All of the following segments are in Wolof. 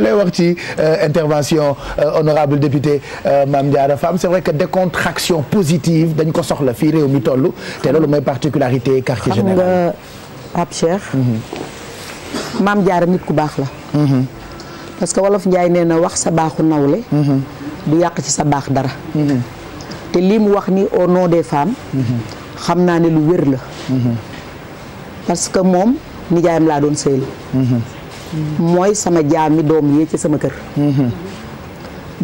lay wax ci intervention euh, honorable député euh, Mame Diarra Fam c'est vrai que décontraction positive dañ ko soxla fii réew mi toll te loolu mooy particularité quartier général xam nga ab Cheikh mhm. Mame Diarra nit ku baax la mhm. parce que wolof Njaay nee na wax sa baaxu nawle mhm. du yàq ci sa baax dara te lii mu wax ni au nom des femmes xam naa ne lu wér la parce que moom nijaayam laa doon sëyal mooy sama jaami doom yee ci sama kër. Mhm.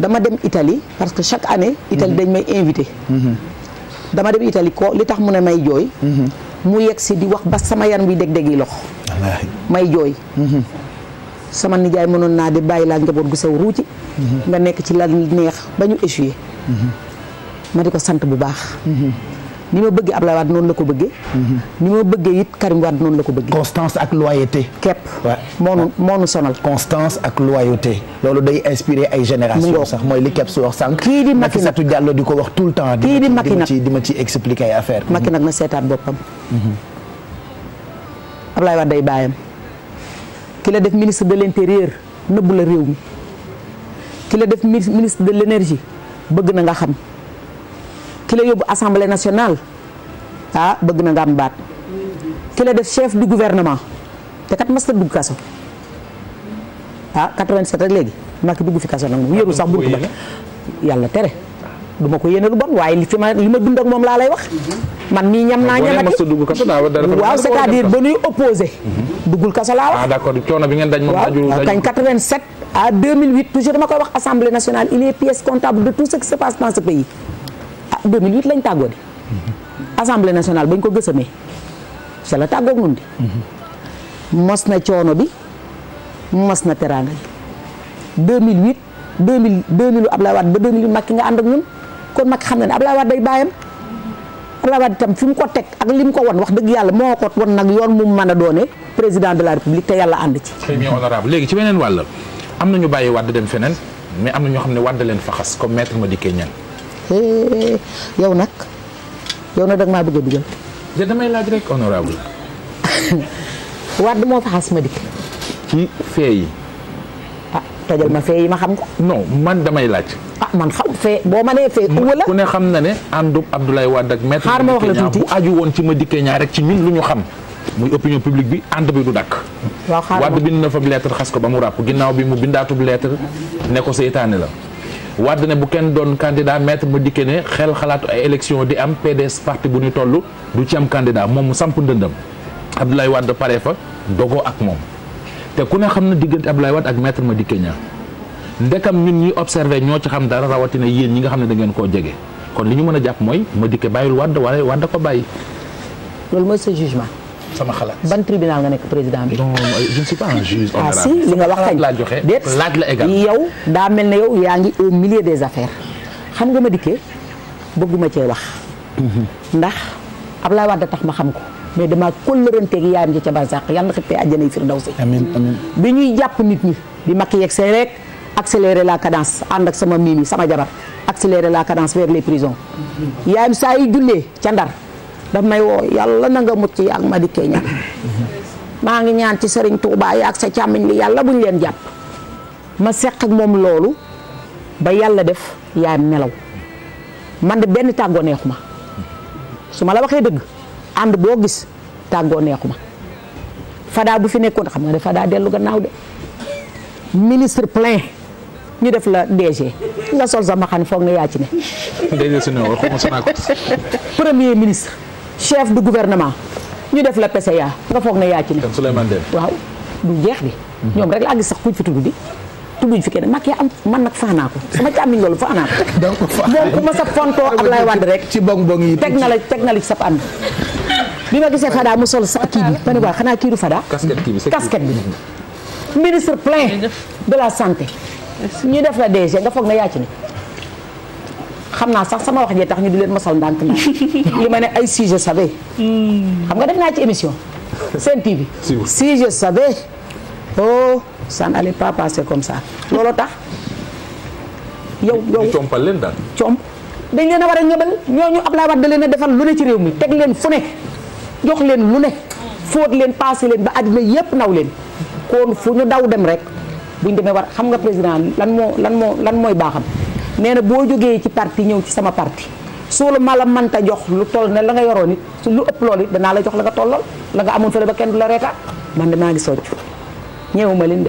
dama dem itali parce que chaque année. Italie mhm. dañ may invité. Mhm. dama dem Italie ko li tax mu ne may jooy. mu yegg si di wax ba sama yaram bi deg dégg yi lox may jooy. sama nijaay mënoon naa di bàyyi laa njaboot gu sew ruuci nga nekk ci la neex ba ñu échoué. ma di ko sant bu baax. ni ma bëggee Ablaye Wade noonu la ko bëggee. Mhm. ni ma bëggee it Karim Wade noonu ko bëggee. constance ak loyauté. képp moo sonal. constance ak loyauté. loolu day inspiré ay génération sax mooy li képp wax sànq. kii di Macky nag Nafisatou di ko wax tout le temps. kii di Macky nag di ci di ma ci expliquer mhm. na seetaat boppam. Mhm. Ablaye Wade day bàyyam. ki la def ministre de l'intérieur nëbbu la réew mi. ki la def ministre de l'énergie bëgg na nga xam ki la yóbbu assemblée nationale ah bëgg na nga am baat ki la def chef du gouvernement te kat mas na dugg kaso ah 87 rek léegi Macky dugg fi kaso nag moom yëru sax buntu ba ah, yàlla tere du ma ko yéene lu bon waaye li fi ma li ma dund ak moom laa lay wax man mii ñam naa ah, ñamati waaw c'est-à-dire ba nuy opposé mhm. duggul kaso laa wax ah d'accord coono bi ngeen dañ moom waaw kañ 87 à 2008 toujours dama koy wax assemblée nationale il est pièce comptable ah, lañ tàggoo di assemblée nationale bañ ko gësamee ca la tàggoog nun di mos na coono bi mos na teraanga yi 2008 2000 2000 Abdoulaye Wade ba 2008 Macky nga ànd ak ñun kon xam na ne Abdoulaye Wade day bàyyam Abdoulaye Wade itam mu ko teg ak li mu ko won wax dëgg yàlla moo ko won nag yoon mu mën a doone président de la république te yàlla ànd ci. très bien honorable léegi ci beneen wàll am na ñu bàyyi Wade dem feneen mais am na ñoo xam ne Wade leen faxas xas comme maître Madické Niang. Eh, yow nag. yow na dagg maa bëgg a dugal. damay laaj rek honorable wadd moo fa xas ma dikk. ci fee yi. ah tojal ma fee yi ma xam ko. no man damay laaj. ah man xam fee boo ma nee fee. wala ku ne xam na ne àndub Abdoulaye Wade ak maître. xaar ma wax la tuuti bu aju woon ci ma dikkee ñaar rek ci ñun lu ñu xam. muy opinion publique bi ànd bi du dakk waaw xaaral Wade bind na fa lettre xas ko ba mu ràpp ginnaaw bi mu bindaatub lettre ne ko seytaane la. Wade ne bu kenn doon candidat maître ma dikkee ne xel xalaatu ay élection di am PDS parti bu ñu toll du ci am candidat moom mu samp ndëndam Abdoulaye Wade pare fa dogoo ak moom te ku ne xam na diggante Abdoulaye Wade ak maître ma dikkee ñaa ndekam ñun ñuy observé ñoo ci xam dara rawatina yéen ñi nga xam ne da ngeen koo jege kon li ñu mën a jàpp mooy ma dikkee bàyyil Wade wala Wade ko bàyyi. loolu mooy sa jugement. sama xalaat ban tribunal nga nekk président bi. Ah, li nga wax kañ laa joxe laaj la égal yow daa mel ne yow yaa ngi au milieu des affaires xam nga ma dikkee bëgguma cee wax. ndax Ablaye Wade tax ma xam ko mais damaa kóllëranteeg yaayam ci ca barsàq yan na xippee àjjanay firdawsi. amiin amiin bi ñuy jàpp nit ñi bi ma ki yegg see rek accélérer la cadence ànd ak sama mimi sama jabar accélérer la cadence vers les prisons yaayam saa yu jullee ca ndar. daf may woo yàlla na nga mucc yaag ma di keña maa ngi ñaan ci sëriñ Touba yaag sa càmmiñ li yàlla buñ leen jàpp ma seq ak moom loolu ba yàlla def yaay nelaw man de benn tàggoo neexu ma su ma la waxee dëgg ànd boo gis tàggoo neexu ma fadaa bu fi nekkoon xam nga ne fadaa dellu gannaaw de ministre plein ñu def la DG nga sol sa mbaxane foog na yaa ci ne. premier ministre. chef du gouvernement ñu def la yaa nga foog na yaa ci ne. Souleymane waaw du jeex di. Mhm. ñoom rek la àgg sax kuñ fi tudd di. tudduñ fi kenn mag yaa am man nag fax naa ko sama càmmiñ loolu fax naa ko. donc moom ku ma sa fontoo Ablaye Wade rek. ci bong bong yi teg na la teg na la ci sa ànd. bi ma gisee Fada mu sol sa kii bi ma ne waa xanaa kii du Fada. casquette kii bi casquette bi. Mhm. ministre plein de la santé. ñu def la DG nga foog na yaa ni xam naa sax sama wax jee tax ñu di leen mosal ndànk na li ma ne ay si je savais hmm. xam nga def naa ci émission Sen TV si je savais oh ça n'allait pas passer comme ça looloo tax yow yow leen daal comp dañ leen a war a ñoo ñu Ablaye laa da leen a defal lu ne ci réew mi teg leen fu ne jox leen lu ne fóot leen paase leen ba àddina yépp naw leen kon fu ñu daw dem rek buñ demee war xam nga président lan moo lan moo lan mooy baaxam nee na boo jógee ci parti ñëw ci sama parti su la ma la mënta jox lu toll ne la nga yoroon it su lu ëpp loolu danaa la jox la nga tollool la nga amoon fële kenn du la reetaan man de maa ngi socc ñëwuma leen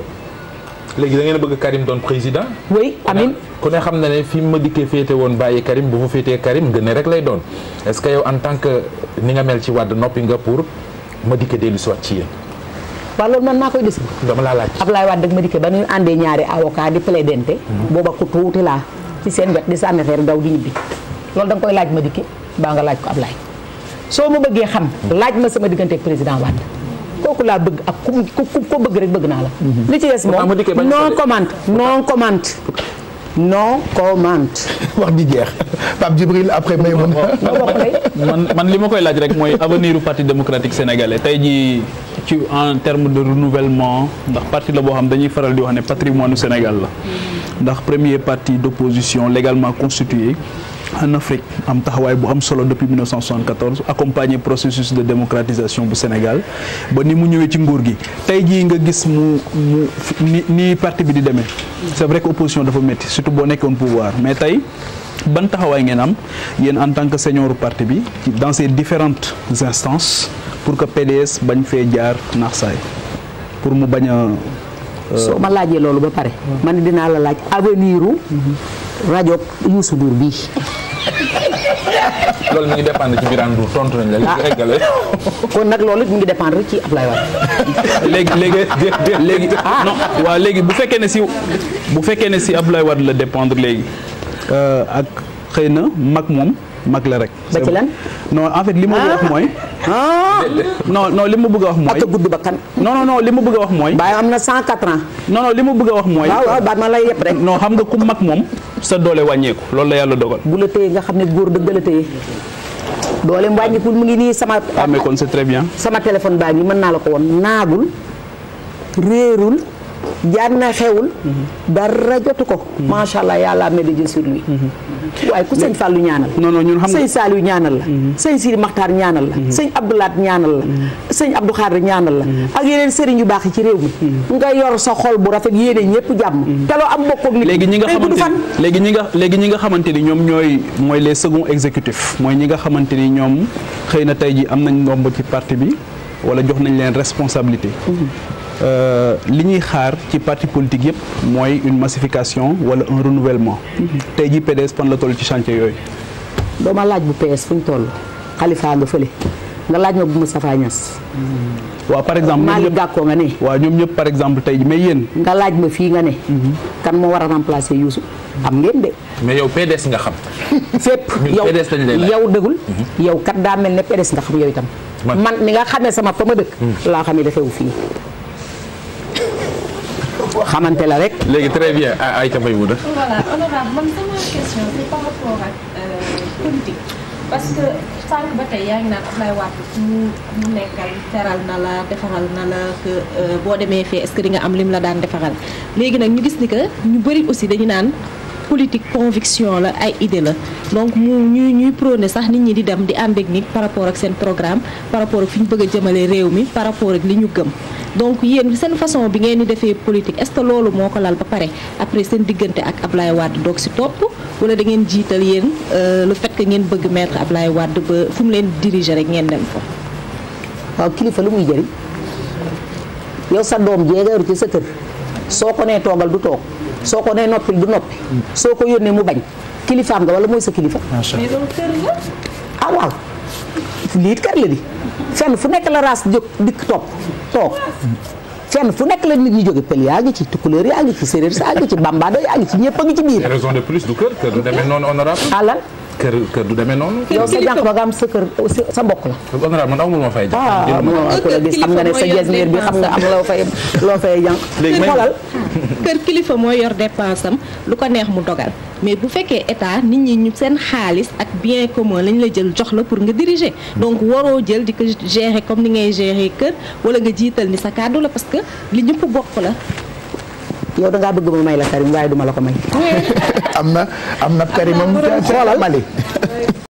léegi da ngeen bëgg Karim doon président. oui Amin ku ne xam na ne fi ma dikkee féete woon bàyyi Karim bu fa féetee Karim gën rek lay doon est-ce que yow en tant que ni nga mel ci wàdd noppi nga pour ma dikkee dellu si ci yéen. waaw loolu man maa koy décider. dama laa laaj Ablaye Wade ak ma dikk ba nu àndee ñaari avocat di plaidante. Mhm. booba ku tuuti laa. ci seen wet di sànni xeer daw di ñibbi loolu da koy laaj ma dikki baa nga laaj ko Ablaye soo ma bëggee xam laaj ma sama diggante ak président Wade kooku laa bëgg ak ku ko bëgg rek bëgg naa la mhm. li ci des moom non commente non commente non comment. wax ji jeex Pape Djibril après may mën man man li ma koy laaj rek mooy avenir u parti démocratique sénégalais tey jii ci en terme de renouvellement ndax parti la boo xam dañuy faral di wax ne patrimoine du Sénégal la ndax premier parti d'opposition légalement constitué. en Afrique am taxawaay bu am solo depuis 1974 accompagner processus de démocratisation bu Sénégal ba ni mu ñëwee ci nguur gi tey jii nga gis mu mu ni ni parti bi di demee. c'est vrai que opposition dafa métti surtout boo nekkoon pouvoir mais tey. ban taxawaay ngeen am yéen en tant que senior parti bi dans ces différentes instances pour que PDS bañ fee jaar naax saay pour mu bañ a. Euh, soo ma laajee loolu ba pare. man dinaa la laaj avenir u mhm. loolu mi ngi dépendre ci Birane Ndour tontu nañ la li nga ah. eggale. kon nag loolu mu ngi dépendre ci Ablaye Wade. léegi léegi léegi ah. non waaw léegi bu fekkee ne si bu fekkee ne si Ablaye war la dépendre léegi euh, ak xëy na mag moom. mag la rek. ba ci lan non en fait li ma bëgg a wax ah. mooy. Ah. non non li ma bëgg a wax mooy. ak gudd ba kan. li ma bëgg wax mooy. baay am na 104 ans. non non li ma bëgg a wax mooy. waaw waaw ba ma lay yëpp rek. non xam nga ku mag moom sa doole wàññeeku loolu la yàlla dogal. bu la téye nga xam ne góor dëgg la téye. dooleem wàññikul mu ngi nii sama. amee ah, kon c'est très bien. sama téléphone baa ngi mën naa la ko woon naagul réerul. jaar na xewul. Mhm. dara jotu ko. Mhm. macha allah yàlla am na lu jël sur lui. Mhm. waaye ku sëñ Fallou ñaanal. non ñun xam nga sëñ Saliou ñaanal la. sëñ Sidi Makhtar ñaanal la. sëñ Abdoulaat ñaanal la. sëñ Abdou Khadre ñaanal la. ak yeneen sëriñ yu baax yi ci réew mi. nga yor sa xol bu rafet yéene ñëpp jàmm. te am bokk ak nit léegi ñi nga xamante léegi ñi nga léegi ñi nga xamante ni ñoom ñooy mooy les seconds exécutifs mooy ñi nga xamante ni ñoom xëy na tey ji am nañ ndomb ci parti bi wala jox nañ leen responsabilité Euh, li ñuy xaar ci parti politique yëpp mooy une massification wala un renouvellement. Mhm. tey jii PDS fan la toll ci chantier yooyu. doo ma laaj bu PS fu ñu toll Khalifa nga fële nga laaj ma bu Moustapha Niass. Mhm. waaw par exemple Malick Gakou nga ne. waa ñoom ñëpp par exemple tey mais yéen. nga laaj ma fii nga ne. Mhm. kan moo war a remplacer Youssou. am ngeen de. mais yow PDS nga xam. fépp yow yow dëggul. yow kat daa mel ne PDS nga xam yow itam. man mi nga xamee sama fa ma dëkk. Hmm. laa xam ne dafewu fii. xamante la rek. léegi très ay Aïcha Maïmouna. voilà euh, parce que sànq ba tey yaa ngi naan Ablaye Wade fi mu mu nekkal teral na la defaral na la que euh, boo demee fee est-ce que di nga am lim la daan defaral léegi nag ñu gis ni que ñu bëri aussi dañu naan. politique conviction la ay idée la donc mu ñuy ñuy prôné sax nit ñi di dem di ànd ak nit par rapport ak seen programme par rapport ak fi ñu bëgg a jëmale réew mi par rapport ak li ñu gëm donc yéen seen façon bi ngeen di defee politique est-ce que loolu moo ko lal ba pare après seen diggante ak Ablaye Wade doog si topp wala dangeen jiital yéen euh, le fait que ngeen bëgg maître Ablaye Wade ba fu mu leen diriger rek ngeen dem fa. waaw kilifa lu muy jëriñ yow sa doom jee nga yor ci soo ko nee toogal du toog soo ko nee noppil du noppi soo ko yónnee mu bañ kilifaam nga wala mooy sa kilifa ah waaw lii kër la di fenn fu nekk la raas jóg dikk topp toog fenn fu nekk la nit ñi jóge pël yaa ngi ci tukkuleer yaa ngi ci séeréer saa ngi ci bambado yaa ngi ci ñëpp a ngi ci biir raison de plus du kër kër du demee noonu. yow sa am sa kër mbokk la. honorable man amul am ku la gis xam nga bi xam nga am loo fay loo fay jànq. léegi xoolal kilifa mooy yor dépense am lu ko neex mu dogal mais bu fekkee état nit ñi ñu seen xaalis ak bien commun lañ la jël jox la pour nga diriger donc waroo jël di ko gérer comme ni ngay gérer kër wala nga jiital ni sa kàddu la parce que li ñëpp bokk la. yow dangaa bëgg ma may la Karim waaye duma la ko may. am na am na Karim am xoolal Mali